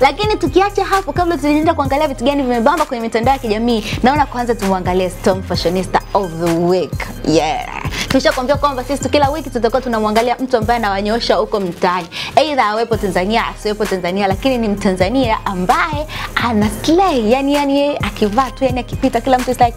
Lakini tukiacha hapo, kabla tujaenda kuangalia vitu gani vimebamba kwenye mitandao ya kijamii, naona kwanza tumwangalie Storm Fashionista of the Week. Yeah. Tumeshakwambia kwamba sisi kila wiki tutakuwa tunamwangalia mtu ambaye anawanyoosha huko mtaani, aidha awepo Tanzania asiwepo Tanzania, lakini ni Mtanzania ambaye ana slay, yani yani akivaa tu, yani akipita kila mtu like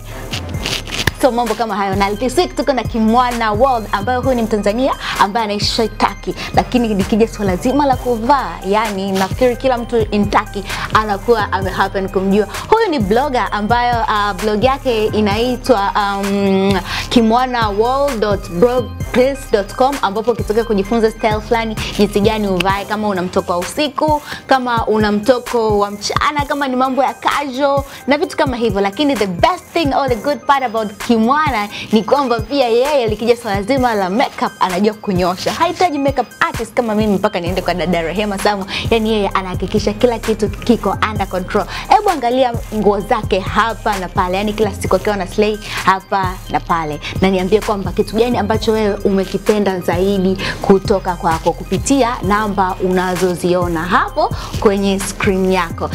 so mambo kama hayo na this week tuko na kimwana world ambayo huyu ni mtanzania ambaye anaishi taki lakini likija swala zima la kuvaa yani nafikiri kila mtu intaki anakuwa happen kumjua huyu ni bloga ambayo uh, blog yake inaitwa um, kimwana world.blog Press.com ambapo ukitaka kujifunza style fulani, jinsi gani uvae, kama una mtoko wa usiku, kama una mtoko wa mchana, kama ni mambo ya casual na vitu kama hivyo. Lakini the best thing or the good part about Kimwana ni kwamba pia yeye likija swala zima la makeup anajua kunyosha, hahitaji makeup artist kama mimi mpaka niende kwa dada Rehema Samu. Yani yeye anahakikisha kila kitu kiko under control sababu angalia nguo zake hapa na pale, yani kila siku akiwa na slay hapa na pale, na niambie kwamba kitu gani ambacho wewe umekipenda zaidi kutoka kwako kupitia namba unazoziona hapo kwenye screen yako.